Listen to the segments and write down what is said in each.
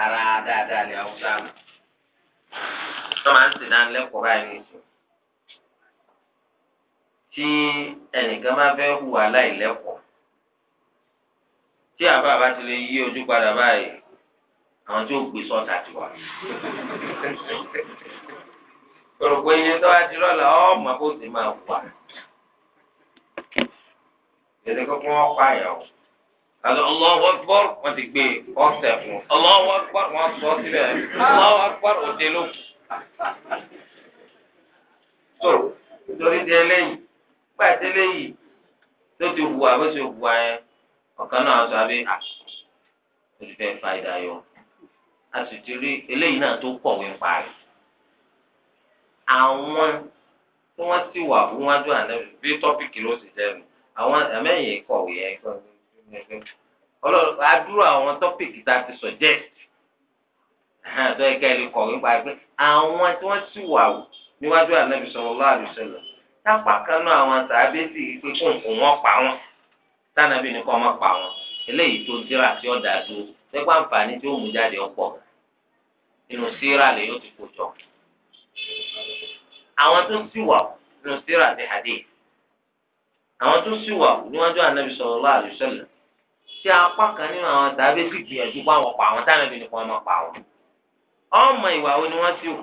ara dáadáa ní haúsá mi wọ́n máa ń sìn náà lẹ́kọ̀ọ́ báyìí nìyí tí ẹnìkan bá fẹ́ hùwà láìlẹ́kọ̀ọ́ tí àbá bá ti lè yí ojú padà báyìí àwọn tí ó gbé sọ́ọ̀tà ti wà. òròpé iye tó bá ti lọ́la ọmọ kó sì máa hùwà. èdè kọ́kọ́ wọ́n pààyàn àti Allahu Akbar wọ́n ti gbé ọ̀sẹ̀ fún Allahu Akbar wọ́n sọ síbẹ̀ Allahu Akbar òde ló kù. tó nítorí di eléyìí pàtẹ eléyìí tó ti wù àbó ti wù ayẹ ọ̀kan náà sọ abẹ́ olùfẹ́ fàyídà yọ a sì ti rí eléyìí náà tó kọ̀wé parí àwọn tí wọ́n ti wà fún wájú àná bí tọ́pìkì ló ti jẹ́ mi àwọn ẹ̀mẹ́yìn kọ̀wé yẹn kọ́ni gẹ́gẹ́ ọlọ́run adúrò àwọn tọ́pìkì tá a ti suggest àtọ́ ẹ̀ka ẹ̀ lè kọ̀ nípa pé àwọn tí wọ́n sì wà wò níwájú ànábì sallallahu alaihi wasallam tápá kan náà àwọn sàábẹ́sì pé kò ń kò wọ́n pa wọ́n tánàbí ni kò wọ́n pa wọ́n eléyìí tó dira tí ó dáa tó lẹ́gbàá àǹfààní tí ó mú jáde ọ̀pọ̀ nínú síra lè yóò ti kó jọ àwọn tó sì wà nínú síra ti hadith àwọn tó sì wà níwájú ànábì sallallahu alaihi wasallam ṣe apá kan nínú àwọn tàbí sì gbìyànjú bá wọn pa àwọn táwọn ẹbí nìkan ọmọ pa wọn ọmọ ìwà wo ni wọn ti wù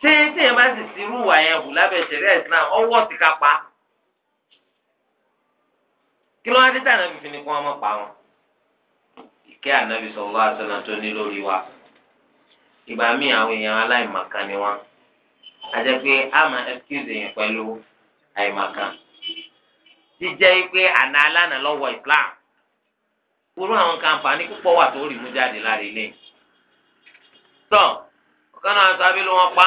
ṣé téèyàn bá sì sí irú ìwà yẹn hù lábẹ́ ìṣẹ̀lẹ̀ Islam ọwọ́ ti ká pa kí ló wá dé táwọn ẹbí nìkan ọmọ pa wọn ìkẹ́ ànábì sallallahu alaihi wasallam tó ní lórí wa ìgbà míì àwọn èèyàn aláìmọ̀kan ni wọn a jẹ́ pé a máa excuse èèyàn pẹ̀lú àìmọ̀kan jíjẹ́ pé àná alánà lọ́wọ́ Islam kúrú àwọn kàǹfààní púpọ̀ wà tó rí mú jáde lára ilé tọ́ ọ̀kan náà sábẹ́ ló wọ́n pa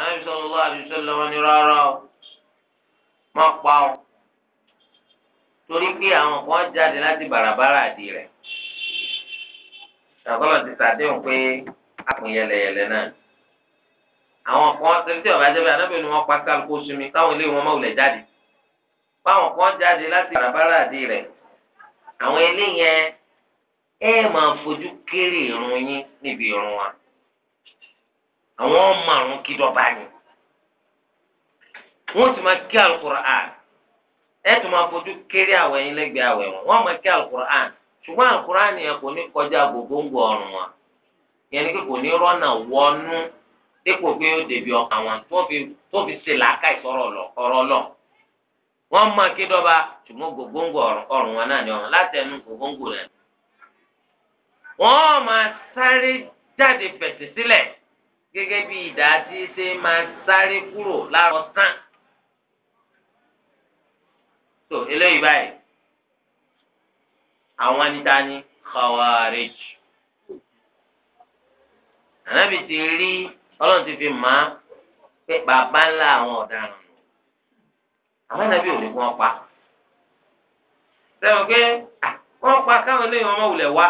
àwọn sallallahu alaihi wasallam ní rárá o wọ́n pa o torí pé àwọn kan jáde láti bàràbàrà àdì rẹ̀ ṣàkólọ̀ ti sàdéhùn pé àpò yẹlẹyẹlẹ náà àwọn kan ṣe tí ọ̀bájẹ́ bẹ́ẹ̀ anábìyẹn ni wọ́n pa kálukó sunmi káwọn ilé wọn mọ̀ wulẹ̀ jáde. báwọn kan jáde láti bàràbàrà àdé rẹ̀ àwọn eléyẹn ẹ máa fojú kéré irun yín níbi irun wa àwọn ọmọ àrùn ni wọn ti máa kí alukur'an ẹ tún máa fojú kéré àwẹ̀ yín lẹ́gbẹ̀ẹ́ àwẹ̀ wọn wọn máa kí alukur'an ṣùgbọ́n alukur'an yẹn kò ní kọjá gògóńgò ọrùn wa yẹn ni kò ní rọ́nà wọnú dípò pé ó débi ọkàn wọn tó fi ṣe làákà wọ́n mọ akédọ́ba ṣùgbọ́n gògóńgò ọ̀rùn wọn náà ni ọ̀rùn látẹnu gògóńgò rẹ̀. wọ́n máa sáré jáde fẹ̀sì sílẹ̀ gẹ́gẹ́ bí ìdá tí ṣe máa sáré kúrò láàrọ̀ tán. tó eléyìí báyìí àwọn níta ní Khawarij. ànábì ti rí ọlọ́run ti fi mọ̀ pé bàbá ńlá àwọn ọ̀daràn àwọn nàbí ò ní kí wọ́n pa sẹ́wọ̀n pé wọ́n pa káwọn eléyìí ọmọ wulẹ̀ wá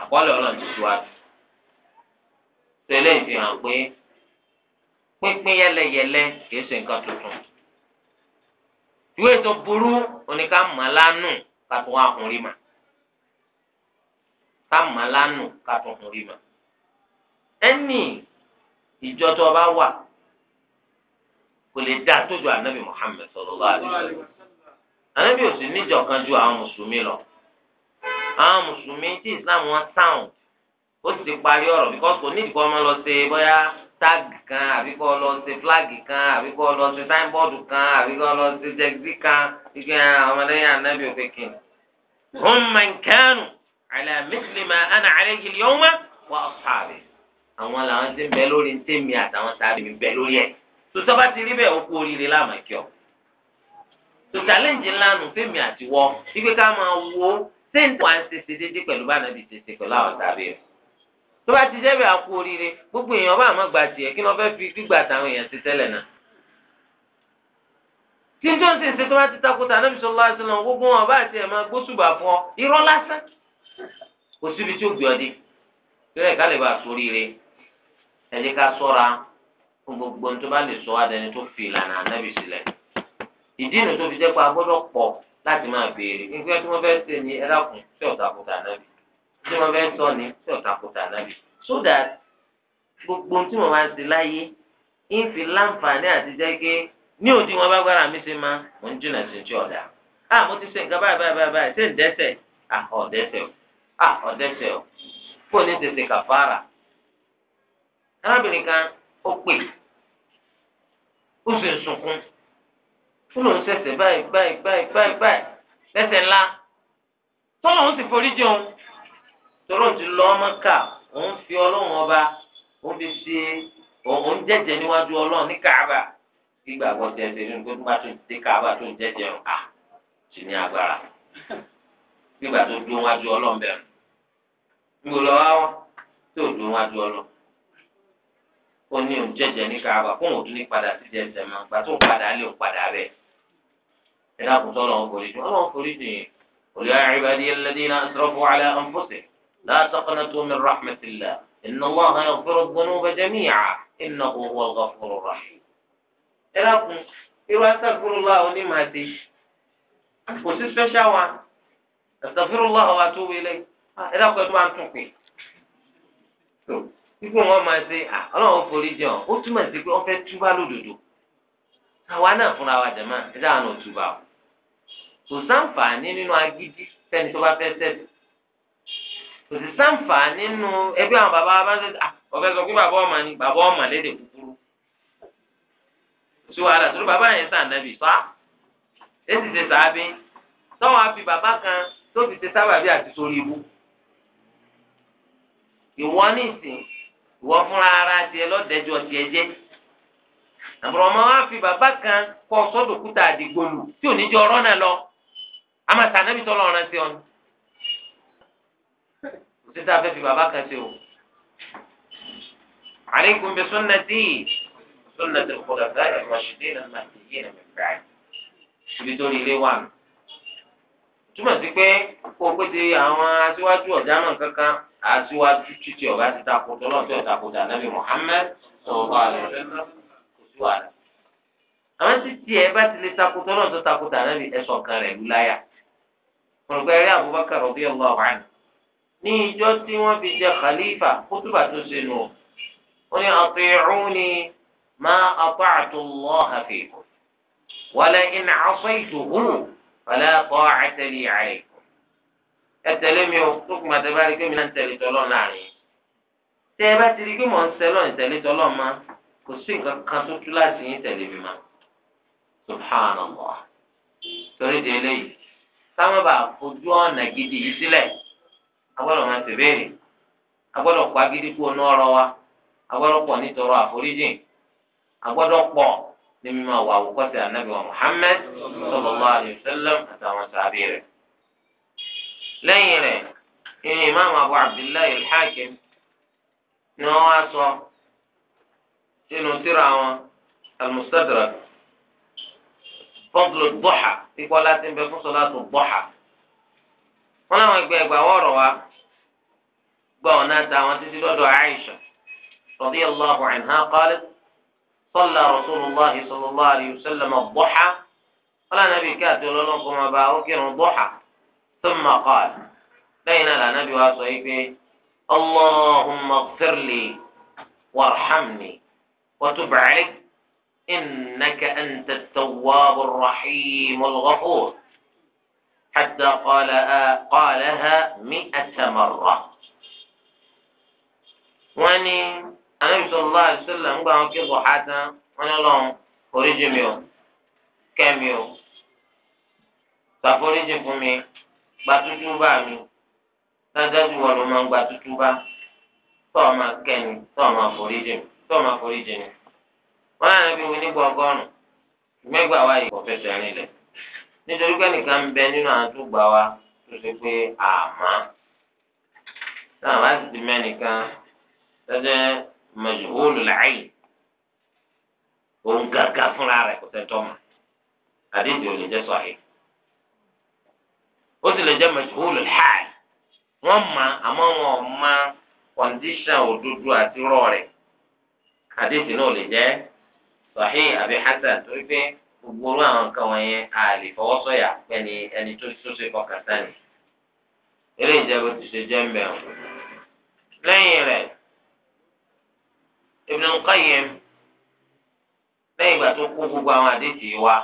àkọọ́lẹ̀ ọlọ́run ti wá tẹ́lẹ̀ fi hàn pé pínpín yẹlẹyẹlẹ kìí ṣe nǹkan tuntun ìwé tó burú oníkà màlánù kàtó ahùn rí mà ká màlánù kàtó ahùn mà ẹnì ìjọ tó bá wà kò lè dá tójú anabi muhammed sallallahu alaihi wasallam anabi ò sì níjọ kan ju àwọn mùsùlùmí lọ àwọn mùsùlùmí tí islam wọn sáwọn ó sì parí ọ̀rọ̀ because kò nídìí kó ọmọ lọ ṣe bóyá táàgì kan àbí kó lọ ṣe fúláàgì kan àbí kó lọ ṣe táìbọ́ọ̀dù kan àbí kó lọ ṣe jẹgídí kan ike ọmọlẹ́yìn anabi òkèké. hum man kanu ala mithli ma ana alayhi al-yawma wa ashabi àwọn làwọn ti bẹ lórí ntẹ́mi àtàwọn sábẹ́ mi bẹ lórí ẹ̀ tòtọ́ bá ti rí bẹ́ẹ̀ ó kú oríire láàmú kí ọ. tó challenge ńlá nù fẹ́mi àtiwọ́ wípé ká máa wo sẹ́ńtì wà ń ṣèṣe déédéé pẹ̀lú bá nàbì ṣèṣe pẹ̀lú àwọn tàbí rẹ̀. tó bá ti jẹ́ bẹ́ẹ̀ á kú oríire gbogbo èèyàn bá àmọ́ gba tiẹ̀ kí wọ́n fẹ́ fi gbígbà táwọn èèyàn ṣe tẹ́lẹ̀ náà. tí n tó ń ṣèṣe tó bá ti takò tà gbogbo tó bá lè sọ adẹni tó fi ìlànà ànábì sílẹ̀ ìdí ìlú tó fi jẹ́ pé a láti máa béèrè nígbà tí ṣe ni ẹlẹ́kùn sí ọ̀tàkùtà ànábì tí wọ́n sọ ni so that gbogbo tí wọ́n máa ṣe láyé ń fi láǹfààní àti jẹ́ pé ní òdi wọn bá gbára mi ṣe máa mò ń jìnnà sí ti ah mo ti ṣe nǹkan báyìí báyìí ah, ah, o fóònù tètè ó pè ó sì ń sunkún ó lòún ṣẹ̀ṣẹ̀ báyìí báyìí báyìí báyìí báyìí lẹ́sẹ̀ ńlá tó lòún sì forí jẹun tóró ti lọ ọmọ ká òun fi ọlọ́run ọba òun fi ṣe òun jẹ́jẹ́ níwájú ọlọ́run ní káàbà gbígbàgbọ́ jẹ́jẹ́ nínú pé bá tó dé káàbà tó ń jẹ́jẹ́ ọ̀hún à sì ní agbára gbígbà tó dún wájú ọlọ́run bẹ̀rù ń gbọ́dọ̀ wá wọ́n tó dún wájú ọlọ́run ó ní òun jẹjẹ ní káàbà kó òun tún ní padà sí jẹjẹ mọ gba tó ń padà lé òun padà bẹ ẹ dákun tó lọ́wọ́ forí jù ọlọ́wọ́ forí jù yẹn olùyà ìbàdí alladhina asrafu ala anfusihim la taqnatu min rahmatillah inna Allaha yaghfiru dhunuba jami'a innahu huwal ghafurur rahim ẹ dákun irú astaghfirullah onímọ̀ àti kò sí special one astaghfirullah wa atubu ilayh ah, ẹ dákun ẹ tó máa ń tún pè ikú wọn máa ṣe ọlọ́run forí jẹ ọ ó túmọ̀ sí pé wọ́n fẹ́ túbá lódodo àwa náà fúnra wa jẹ̀mọ́ ẹ̀dá àwọn òtúbà o kò sáǹfààní nínú agídí sẹ́ni tó bá fẹ́ sẹ́sì kò sí sáǹfààní nínú ẹgbẹ́ àwọn bàbá wa bá ṣe ọ̀fẹ́ sọ pé bàbá ọmọ ni bàbá ọmọ léde kúkúrú sí wàhálà tó ló bàbá yẹn sàn nàbì sá èsì ṣe sàábí tọ́wọ́n á fi bàbá kan tó fi ṣe sábàbí àti sórí ibú ìwọ ní ìsìn ìwọ fúnra ara tiẹ̀ lọ́dẹ̀jọ́ tiẹ̀ jẹ́ àbúrò ọmọ wa fi bàbá kan kọ sọ́dọ̀kúta àdìgbòlù tí ò ní jọ ọ̀rọ̀ náà lọ amasa anabi tọ́lọ̀ ọ̀ràn sí ọ̀nà títí a fẹ́ fi bàbá kan ṣe o. عليكم بسنتي سنة الخلفاء الراشدين المهديين من بعد ibi tó ní ilé wà nù. túmọ̀ sí pé kó o pété àwọn aṣíwájú ọ̀daràn àtiwájú títí ọba ti takò tọ́lọ́ tí ọ̀tà kò dànàbí Muhammad sọ̀rọ̀ àlẹ́ kò sí wàhálà. àwọn títí ẹ bá ti lè takò tọ́lọ́ tó takò dànàbí ẹ̀sọ̀ kan rẹ̀ lúláyà. olùgbé rí Abubakar radiyallahu anhu. ní ìjọ tí wọ́n fi jẹ khalifa kútùbà tó ṣe nù ó ní ati'uni ma ata'tu Allaha fikum wa la in 'asaytuhu fala ẹ mi o lókùn bàtẹ́ bá rí pé mi náà ń tẹ̀lé láàrin ẹ bá ti rí pé mò ń ń ma kò sí nǹkan kan ma torí de eléyìí táwọn bá fojú ọ̀nà gidi yìí sílẹ̀ agbọ́dọ̀ máa agbọ́dọ̀ pa gidi kú ọ̀nà ọ̀rọ̀ wa agbọ́dọ̀ pọ̀ àforíjìn agbọ́dọ̀ pọ̀ ní lẹ́yìn rẹ̀ ìní ìmáàmù abu abdullahi al-hakim ni wọ́n wá sọ sínú tíra wọn al-mustadrak fọ́ńtò bọ́hà ikọ́ láti ń bẹ fún sọlá tó bọ́hà wọn làwọn ẹgbẹ́ ẹgbà wọ́ọ̀rọ̀ wa gbọ́ ọ̀nà táwọn títí lọ́dọ̀ aisha radiyallahu anha qalat صلى رسول الله صلى الله عليه وسلم الضحى قال النبي كاتب لهم كما باوكر الضحى ثم قال لين النبي وصيبه اللهم اغفر لي وارحمني وتب علي إنك أنت التواب الرحيم الغفور حتى قال قالها مئة مرة واني النبي صلى الله عليه وسلم قال كيف حتى وانا لهم أريد ميو كم يوم تفريج فمي gba tútú bá mi dájájú wọn ló máa ń gba tútú bá tó o máa kẹ́ni tó o máa forí jìn tó o máa forí jìn ni. wọn náà níbi wí nígbà ọgọ́rùn-ún mẹ́gbàá wa yìí kò fẹsẹ̀ rìn lẹ̀ nítorí pé nìkan ń bẹ nínú àwọn tó gbà wá tó ṣe pé àmọ́ náà láti ti mẹ́nìkan tẹ́tẹ́ mẹ̀jọ̀wọ́lù láàyè òun gàgà fúnra rẹ̀ kò tẹ́tọ́ mọ́ àdéhùn ò lè jẹ́ sọ̀hìn. ó sì lè jẹ́ mẹjúhùlù hàl wọ́n mọ àmọ́ wọn ò mọ kọ̀ǹdíṣàn òdodo àti rọ rẹ̀ àdéhùn náà lè jẹ́ sahih àbí hasan torí pé gbogbo orú àwọn nǹkan wọ̀nyẹn a lè fọwọ́ sọ̀yà pẹ̀lú ẹni tó ṣe fọkàn sani eléyìí jẹ́ ti ṣe jẹ́ lẹ́yìn rẹ̀ wa.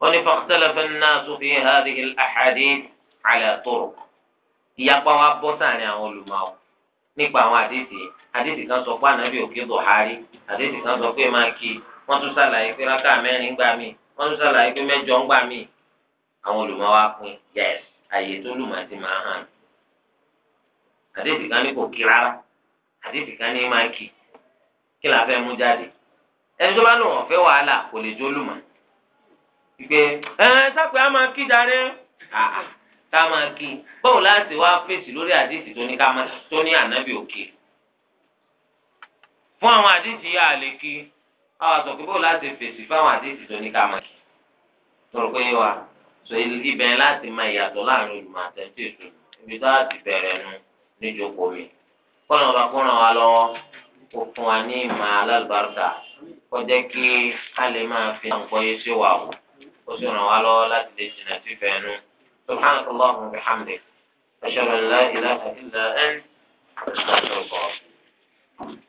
wọ́n ní fakhtalafan naasu fi hadhihi al-ahadith ala turuq ìyapa wa bọ́ sáàrin àwọn olùmọ̀ọ́ nípa àwọn àdéhìí àdéhìí kan sọ pé ànábì òkè buhari àdéhìí kan sọ pé máa kí wọ́n tún ṣàlàyé pé rákà mẹ́rin gbà mí wọ́n tún ṣàlàyé pé mẹ́jọ ń gbà mí àwọn olùmọ̀ọ́ wa pín yẹ́s àyè tó lùmọ̀ àti màá hàn àdéhìí kan ní kò kí rárá àdéhìí kan ní máa kí kí la fẹ́ mú jáde ẹni ìgbé ẹ sápẹ́ a máa kí darí ká máa kí báwo láti wá fèsì lórí àdìsí tó ní ká máa tó ní ànábì òkè fún àwọn àdìsí yà á lè kí àwọn àtọ̀kẹ́ báwo láti fèsì fáwọn àdìsí tó ní ká máa kí tọrọ pé wa sọ ibẹ̀ láti máa yàtọ̀ láàrin olùmọ̀ àtẹ̀tẹ̀ ètò ibi tá a ti bẹ̀rẹ̀ nu níjókòó mi kọ́nà ọba kọ́nà wa lọ́wọ́ kó fún wa ní ìmọ̀ alálùbáríkà kọjá kí a lè máa fi àǹkọ́yé sí wa wò. وسنع على ولا تدشنا في فانو سبحانك اللهم بحمدك أشهد أن لا إله إلا أنت أشهد أن لا إله إلا أنت